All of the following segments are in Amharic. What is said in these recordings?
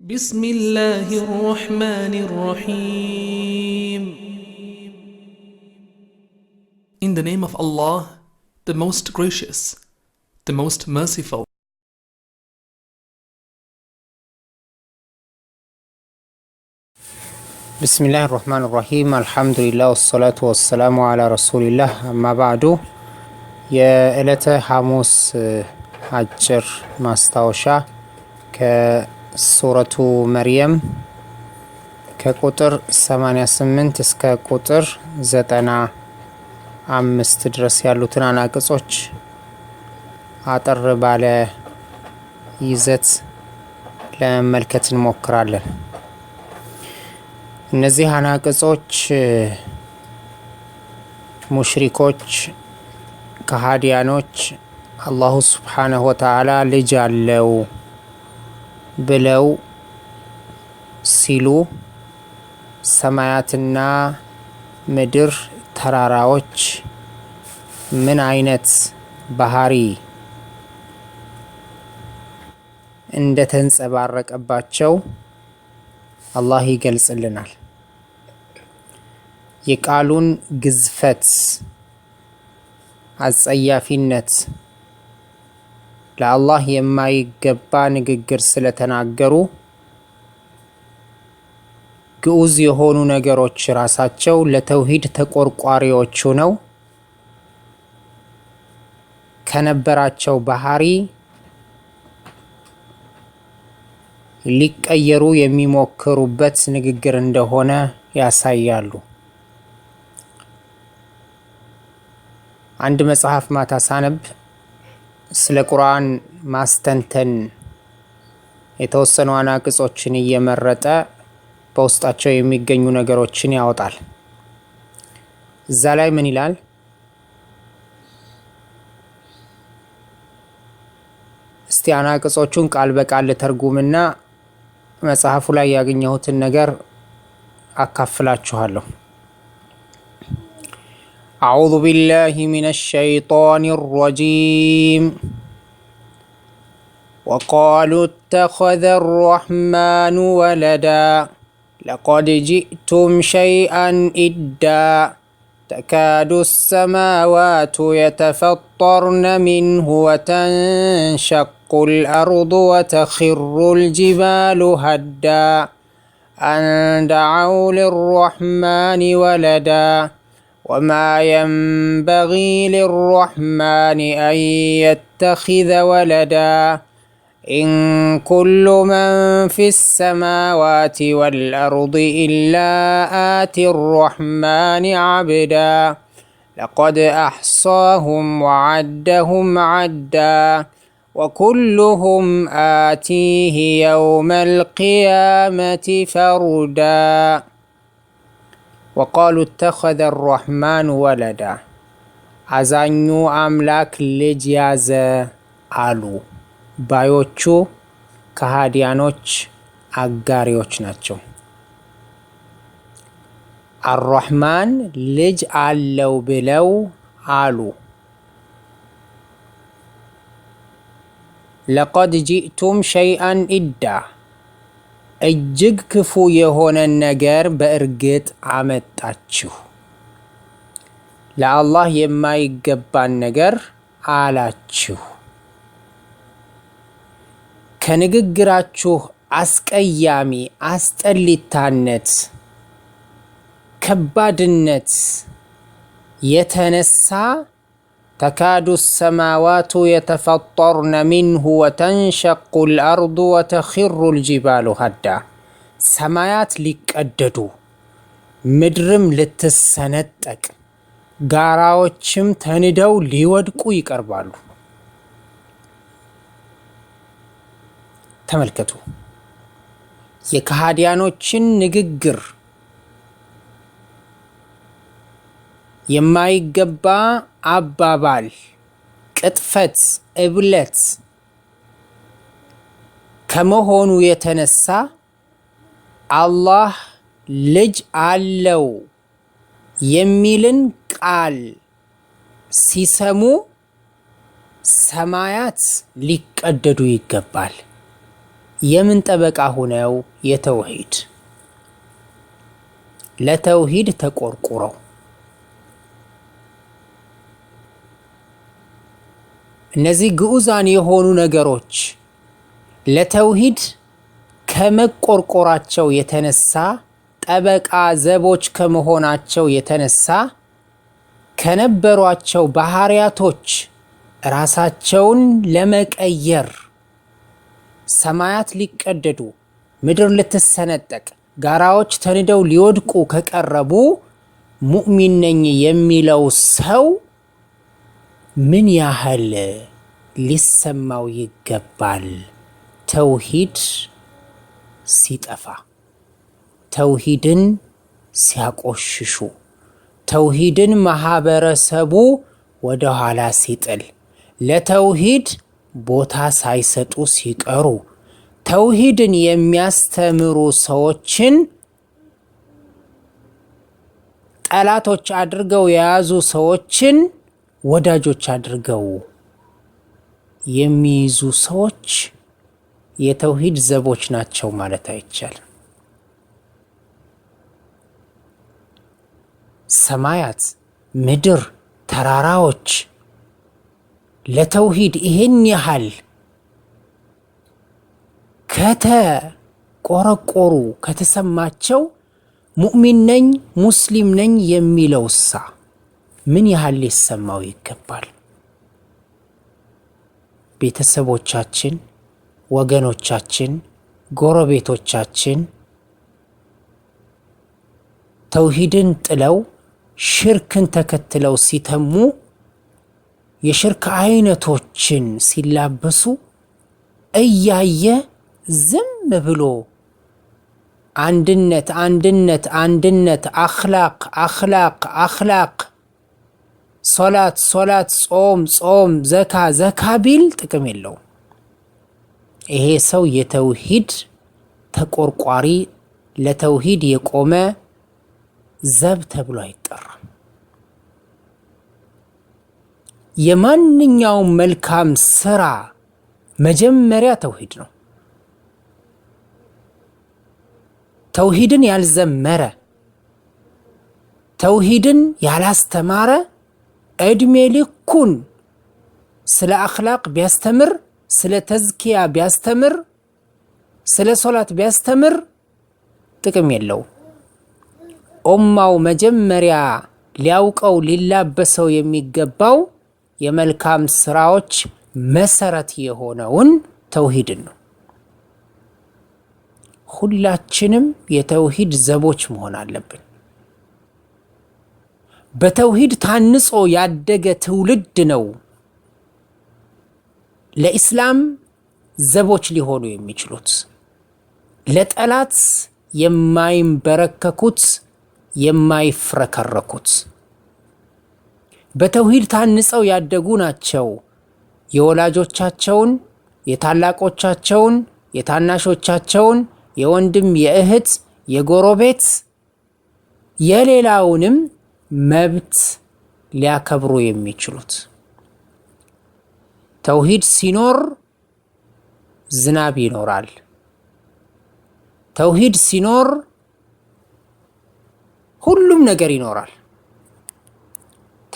بسم الله الرحمن الرحيم In the name of Allah, the most gracious, the most merciful. بسم الله الرحمن الرحيم الحمد لله والصلاة والسلام على رسول الله أما بعد يا إلتا حموس عجر ماستوشا ك ሱረቱ መርየም ከቁጥር 88 እስከ ቁጥር 95 ድረስ ያሉትን አናቅጾች አጠር ባለ ይዘት ለመመልከት እንሞክራለን። እነዚህ አናቅጾች ሙሽሪኮች፣ ከሃዲያኖች አላሁ ስብሓነሁ ወተዓላ ልጅ አለው ብለው ሲሉ ሰማያትና ምድር ተራራዎች ምን አይነት ባህሪ እንደተንጸባረቀባቸው አላህ ይገልጽልናል። የቃሉን ግዝፈት አጸያፊነት ለአላህ የማይገባ ንግግር ስለተናገሩ ግዑዝ የሆኑ ነገሮች ራሳቸው ለተውሂድ ተቆርቋሪዎች ሆነው ከነበራቸው ባህሪ ሊቀየሩ የሚሞክሩበት ንግግር እንደሆነ ያሳያሉ። አንድ መጽሐፍ ማታ ሳነብ ስለ ቁርአን ማስተንተን የተወሰኑ አናቅጾችን እየመረጠ በውስጣቸው የሚገኙ ነገሮችን ያወጣል። እዛ ላይ ምን ይላል? እስቲ አናቅጾቹን ቃል በቃል ተርጉምና መጽሐፉ ላይ ያገኘሁትን ነገር አካፍላችኋለሁ። أعوذ بالله من الشيطان الرجيم وقالوا اتخذ الرحمن ولدا لقد جئتم شيئا إدا تكاد السماوات يتفطرن منه وتنشق الأرض وتخر الجبال هدا أن دعوا للرحمن ولدا وما ينبغي للرحمن أن يتخذ ولدا إن كل من في السماوات والأرض إلا آتي الرحمن عبدا لقد أحصاهم وعدهم عدا وكلهم آتيه يوم القيامة فردا ወቃሉ ተኸዘ አራሕማኑ ወለዳ አዛኙ አምላክ ልጅ ያዘ አሉ። ባዮቹ ከሃዲያኖች አጋሪዎች ናቸው። አራሕማን ልጅ አለው ብለው አሉ። ለቀድ ጂእቱም ሸይአን ኢዳ እጅግ ክፉ የሆነን ነገር በእርግጥ አመጣችሁ፣ ለአላህ የማይገባን ነገር አላችሁ። ከንግግራችሁ አስቀያሚ አስጠሊታነት፣ ከባድነት የተነሳ ተካዱ ሰማዋቱ የተፈጠርነ ሚንሁ ወተንሸቁ ልአርዱ ወተኪሩ ልጅባሉ ሀዳ ሰማያት ሊቀደዱ ምድርም ልትሰነጠቅ ጋራዎችም ተንደው ሊወድቁ ይቀርባሉ። ተመልከቱ የከሃዲያኖችን ንግግር የማይገባ አባባል፣ ቅጥፈት፣ እብለት ከመሆኑ የተነሳ አላህ ልጅ አለው የሚልን ቃል ሲሰሙ ሰማያት ሊቀደዱ ይገባል። የምን ጠበቃ ሆነው የተውሂድ ለተውሂድ ተቆርቁረው እነዚህ ግዑዛን የሆኑ ነገሮች ለተውሂድ ከመቆርቆራቸው የተነሳ ጠበቃ ዘቦች ከመሆናቸው የተነሳ ከነበሯቸው ባህሪያቶች ራሳቸውን ለመቀየር ሰማያት ሊቀደዱ፣ ምድር ልትሰነጠቅ፣ ጋራዎች ተንደው ሊወድቁ ከቀረቡ ሙእሚን ነኝ የሚለው ሰው ምን ያህል ሊሰማው ይገባል? ተውሂድ ሲጠፋ፣ ተውሂድን ሲያቆሽሹ፣ ተውሂድን ማህበረሰቡ ወደ ኋላ ሲጥል፣ ለተውሂድ ቦታ ሳይሰጡ ሲቀሩ፣ ተውሂድን የሚያስተምሩ ሰዎችን ጠላቶች አድርገው የያዙ ሰዎችን ወዳጆች አድርገው የሚይዙ ሰዎች የተውሂድ ዘቦች ናቸው ማለት አይቻልም። ሰማያት፣ ምድር፣ ተራራዎች ለተውሂድ ይሄን ያህል ከተቆረቆሩ ከተሰማቸው ሙእሚን ነኝ ሙስሊም ነኝ የሚለው ሳ ምን ያህል ሊሰማው ይገባል? ቤተሰቦቻችን፣ ወገኖቻችን፣ ጎረቤቶቻችን ተውሂድን ጥለው ሽርክን ተከትለው ሲተሙ የሽርክ አይነቶችን ሲላበሱ እያየ ዝም ብሎ አንድነት አንድነት አንድነት አኽላቅ አኽላቅ አኽላቅ ሶላት ሶላት፣ ጾም ጾም፣ ዘካ ዘካ ቢል ጥቅም የለው። ይሄ ሰው የተውሂድ ተቆርቋሪ ለተውሂድ የቆመ ዘብ ተብሎ አይጠራም። የማንኛውም መልካም ስራ መጀመሪያ ተውሂድ ነው። ተውሂድን ያልዘመረ ተውሂድን ያላስተማረ እድሜ ልኩን ስለ አኽላቅ ቢያስተምር፣ ስለ ተዝኪያ ቢያስተምር፣ ስለ ሶላት ቢያስተምር ጥቅም የለው። ኡማው መጀመሪያ ሊያውቀው ሊላበሰው የሚገባው የመልካም ስራዎች መሰረት የሆነውን ተውሂድን ነው። ሁላችንም የተውሂድ ዘቦች መሆን አለብን። በተውሂድ ታንጾ ያደገ ትውልድ ነው ለኢስላም ዘቦች ሊሆኑ የሚችሉት ለጠላት የማይንበረከኩት የማይፍረከረኩት በተውሂድ ታንጸው ያደጉ ናቸው። የወላጆቻቸውን የታላቆቻቸውን የታናሾቻቸውን የወንድም የእህት የጎረቤት የሌላውንም መብት ሊያከብሩ የሚችሉት። ተውሂድ ሲኖር ዝናብ ይኖራል። ተውሂድ ሲኖር ሁሉም ነገር ይኖራል።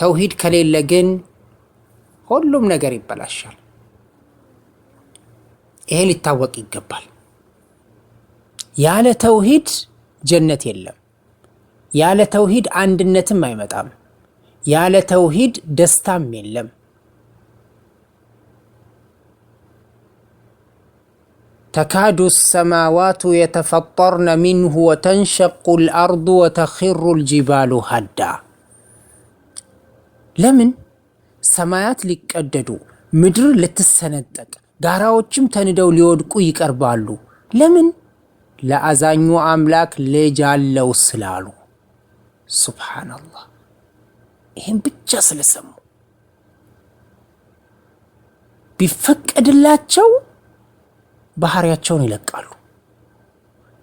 ተውሂድ ከሌለ ግን ሁሉም ነገር ይበላሻል። ይሄ ሊታወቅ ይገባል። ያለ ተውሂድ ጀነት የለም። ያለ ተውሂድ አንድነትም አይመጣም። ያለ ተውሂድ ደስታም የለም። ተካዱ ሰማዋቱ የተፈጠርነ ሚንሁ ወተንሸቁ ልአርዱ ወተኪሩ ልጅባሉ ሀዳ። ለምን ሰማያት ሊቀደዱ ምድር ልትሰነጠቅ ጋራዎችም ተንደው ሊወድቁ ይቀርባሉ። ለምን? ለአዛኙ አምላክ ልጅ አለው ስላሉ ሱብሓናላህ። ይህም ብቻ ስለሰሙ ቢፈቀድላቸው ባህሪያቸውን ይለቃሉ።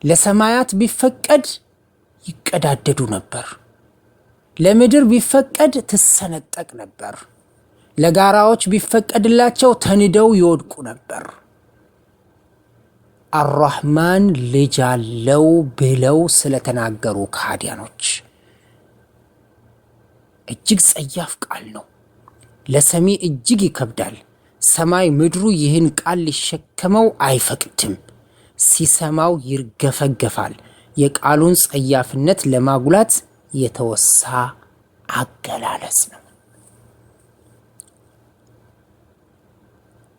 ለሰማያት ቢፈቀድ ይቀዳደዱ ነበር። ለምድር ቢፈቀድ ትሰነጠቅ ነበር። ለጋራዎች ቢፈቀድላቸው ተንደው ይወድቁ ነበር። አራህማን ልጅ አለው ብለው ስለተናገሩ ከሃዲያኖች እጅግ ጸያፍ ቃል ነው፣ ለሰሚ እጅግ ይከብዳል። ሰማይ ምድሩ ይህን ቃል ሊሸከመው አይፈቅድም። ሲሰማው ይርገፈገፋል። የቃሉን ጸያፍነት ለማጉላት የተወሳ አገላለጽ ነው።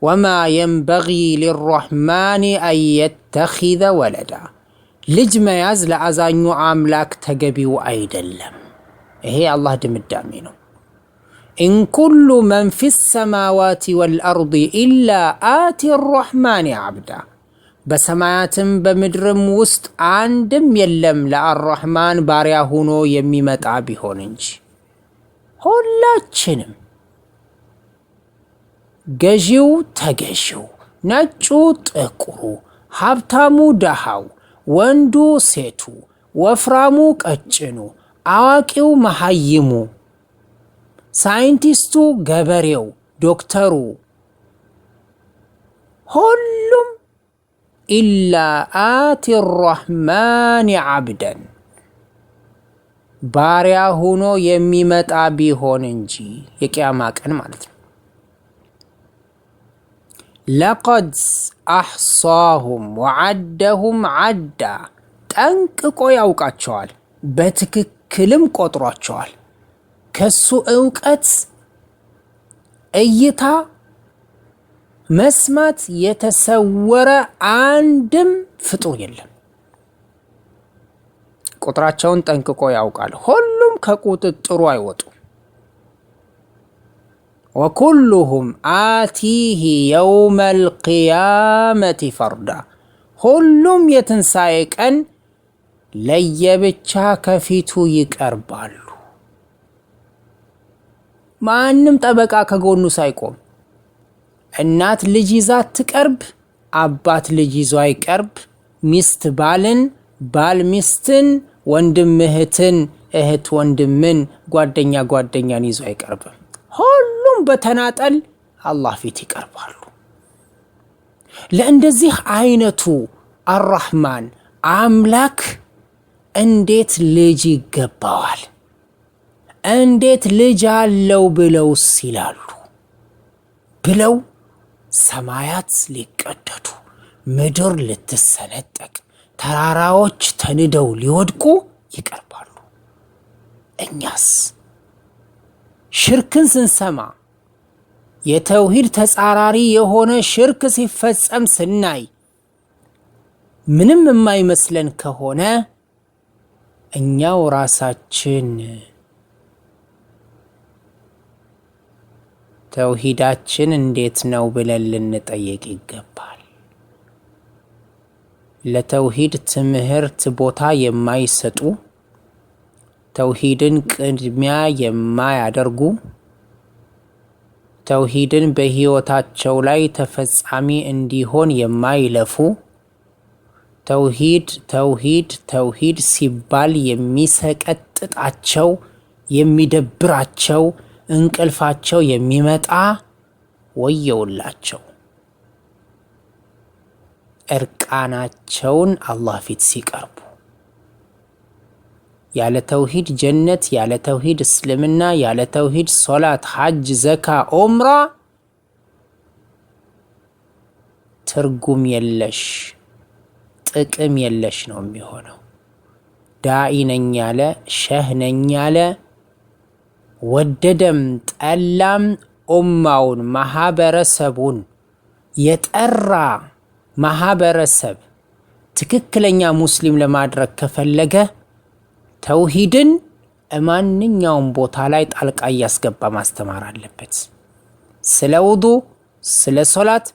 ወማ የንበጊ ሊራሕማን አንየተኪዘ ወለዳ ልጅ መያዝ ለአዛኙ አምላክ ተገቢው አይደለም። ይሄ የአላህ ድምዳሜ ነው። ኢንኩሉ መን ፊ ሰማዋት ወልአርድ ኢላ አቲ ረሕማን አብዳ በሰማያትም በምድርም ውስጥ አንድም የለም ለአራሕማን ባሪያ ሆኖ የሚመጣ ቢሆን እንጂ። ሁላችንም ገዢው፣ ተገዢው፣ ነጩ፣ ጥቁሩ፣ ሀብታሙ፣ ደሃው፣ ወንዱ፣ ሴቱ፣ ወፍራሙ፣ ቀጭኑ አዋቂው መሐይሙ፣ ሳይንቲስቱ፣ ገበሬው፣ ዶክተሩ ሁሉም ኢላ አቲ ራሕማን ዓብደን ባሪያ ሆኖ የሚመጣ ቢሆን እንጂ የቅያማ ቀን ማለት ነው። ለቀድ አሕሳሁም ወዓደሁም ዓዳ ጠንቅቆ ያውቃቸዋል በትክክል ክልም ቆጥሯቸዋል። ከሱ እውቀት እይታ መስማት የተሰወረ አንድም ፍጡር የለም። ቁጥራቸውን ጠንቅቆ ያውቃል። ሁሉም ከቁጥጥሩ አይወጡ። ወኩሉሁም አቲሂ የውመል ቂያመቲ ፈርዳ ሁሉም የትንሣኤ ቀን ለየብቻ ከፊቱ ይቀርባሉ። ማንም ጠበቃ ከጎኑ ሳይቆም እናት ልጅ ይዛ ትቀርብ አባት ልጅ ይዞ አይቀርብ። ሚስት ባልን፣ ባል ሚስትን፣ ወንድም እህትን፣ እህት ወንድምን፣ ጓደኛ ጓደኛን ይዞ አይቀርብም። ሁሉም በተናጠል አላህ ፊት ይቀርባሉ። ለእንደዚህ አይነቱ አራህማን አምላክ እንዴት ልጅ ይገባዋል፣ እንዴት ልጅ አለው ብለውስ ይላሉ ብለው ሰማያት ሊቀደዱ ምድር ልትሰነጠቅ ተራራዎች ተንደው ሊወድቁ ይቀርባሉ። እኛስ ሽርክን ስንሰማ የተውሂድ ተጻራሪ የሆነ ሽርክ ሲፈጸም ስናይ ምንም የማይመስለን ከሆነ እኛው ራሳችን ተውሂዳችን እንዴት ነው ብለን ልንጠየቅ ይገባል። ለተውሂድ ትምህርት ቦታ የማይሰጡ ተውሂድን ቅድሚያ የማያደርጉ ተውሂድን በሕይወታቸው ላይ ተፈጻሚ እንዲሆን የማይለፉ ተውሂድ ተውሂድ ተውሂድ ሲባል የሚሰቀጥጣቸው የሚደብራቸው እንቅልፋቸው የሚመጣ ወየውላቸው እርቃናቸውን አላህ ፊት ሲቀርቡ። ያለ ተውሂድ ጀነት፣ ያለ ተውሂድ እስልምና፣ ያለ ተውሂድ ሶላት፣ ሐጅ፣ ዘካ፣ ኦምራ ትርጉም የለሽ ጥቅም የለሽ ነው የሚሆነው። ዳኢ ነኝ ያለ ሸህ ነኝ ያለ ወደደም ጠላም ኡማውን ማህበረሰቡን የጠራ ማህበረሰብ ትክክለኛ ሙስሊም ለማድረግ ከፈለገ ተውሂድን ማንኛውም ቦታ ላይ ጣልቃ እያስገባ ማስተማር አለበት። ስለ ውዱ፣ ስለ ሶላት፣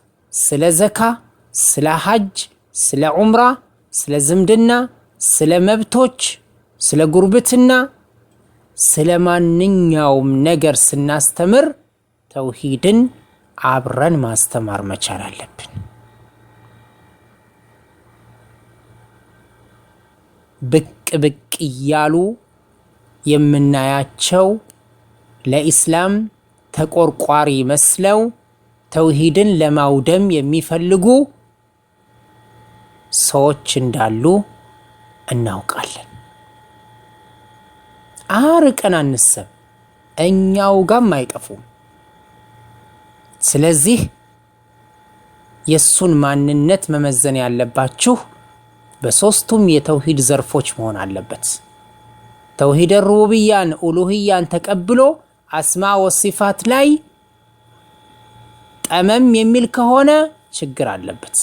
ስለ ዘካ፣ ስለ ሀጅ ስለ ዑምራ፣ ስለ ዝምድና፣ ስለ መብቶች፣ ስለ ጉርብትና፣ ስለ ማንኛውም ነገር ስናስተምር ተውሂድን አብረን ማስተማር መቻል አለብን። ብቅ ብቅ እያሉ የምናያቸው ለኢስላም ተቆርቋሪ መስለው ተውሂድን ለማውደም የሚፈልጉ ሰዎች እንዳሉ እናውቃለን። አርቀን አንሰብ፣ እኛው ጋም አይጠፉም። ስለዚህ የእሱን ማንነት መመዘን ያለባችሁ በሶስቱም የተውሂድ ዘርፎች መሆን አለበት። ተውሂደ ሩቡብያን ኡሉህያን ተቀብሎ አስማ ወሲፋት ላይ ጠመም የሚል ከሆነ ችግር አለበት።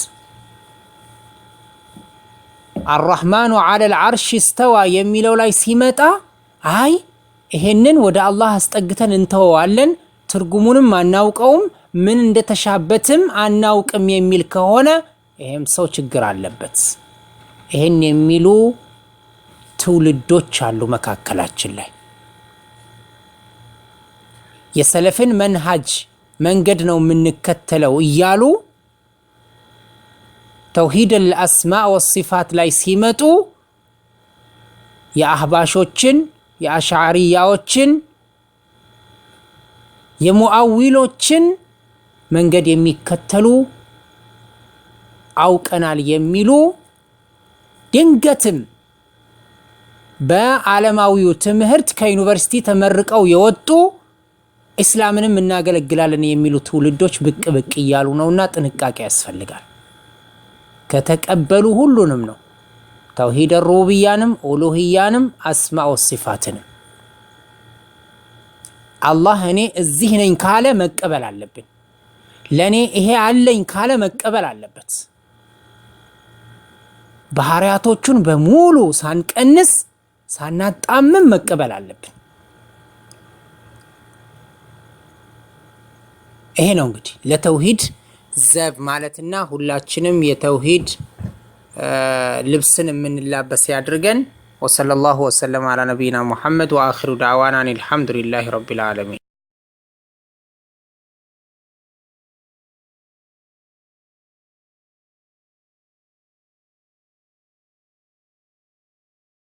አራህማኑ አለል አርሽ እስተዋ የሚለው ላይ ሲመጣ አይ ይሄንን ወደ አላህ አስጠግተን እንተወዋለን፣ ትርጉሙንም አናውቀውም፣ ምን እንደተሻበትም አናውቅም የሚል ከሆነ ይሄም ሰው ችግር አለበት። ይሄን የሚሉ ትውልዶች አሉ መካከላችን ላይ። የሰለፍን መንሃጅ መንገድ ነው የምንከተለው እያሉ ተውሂድን አስማ ወሲፋት ላይ ሲመጡ የአህባሾችን፣ የአሽዓሪያዎችን፣ የሙአዊሎችን መንገድ የሚከተሉ አውቀናል የሚሉ ድንገትም በዓለማዊው ትምህርት ከዩኒቨርሲቲ ተመርቀው የወጡ ኢስላምንም እናገለግላለን የሚሉ ትውልዶች ብቅ ብቅ እያሉ ነውና ጥንቃቄ ያስፈልጋል። ከተቀበሉ ሁሉንም ነው። ተውሂድ ሩብያንም ኡሉህያንም አስማኦ ሲፋትንም አላህ እኔ እዚህ ነኝ ካለ መቀበል አለብን። ለእኔ ይሄ አለኝ ካለ መቀበል አለበት። ባህሪያቶቹን በሙሉ ሳንቀንስ ሳናጣምም መቀበል አለብን። ይሄ ነው እንግዲህ ለተውሂድ ዘብ ማለትና ሁላችንም የተውሂድ ልብስን የምንላበስ ያድርገን። ወሰለላሁ ወሰለም አላ ነቢይና ሙሐመድ ወአኽሩ ዳዕዋና አልሐምዱሊላሂ ረቢል ዓለሚን።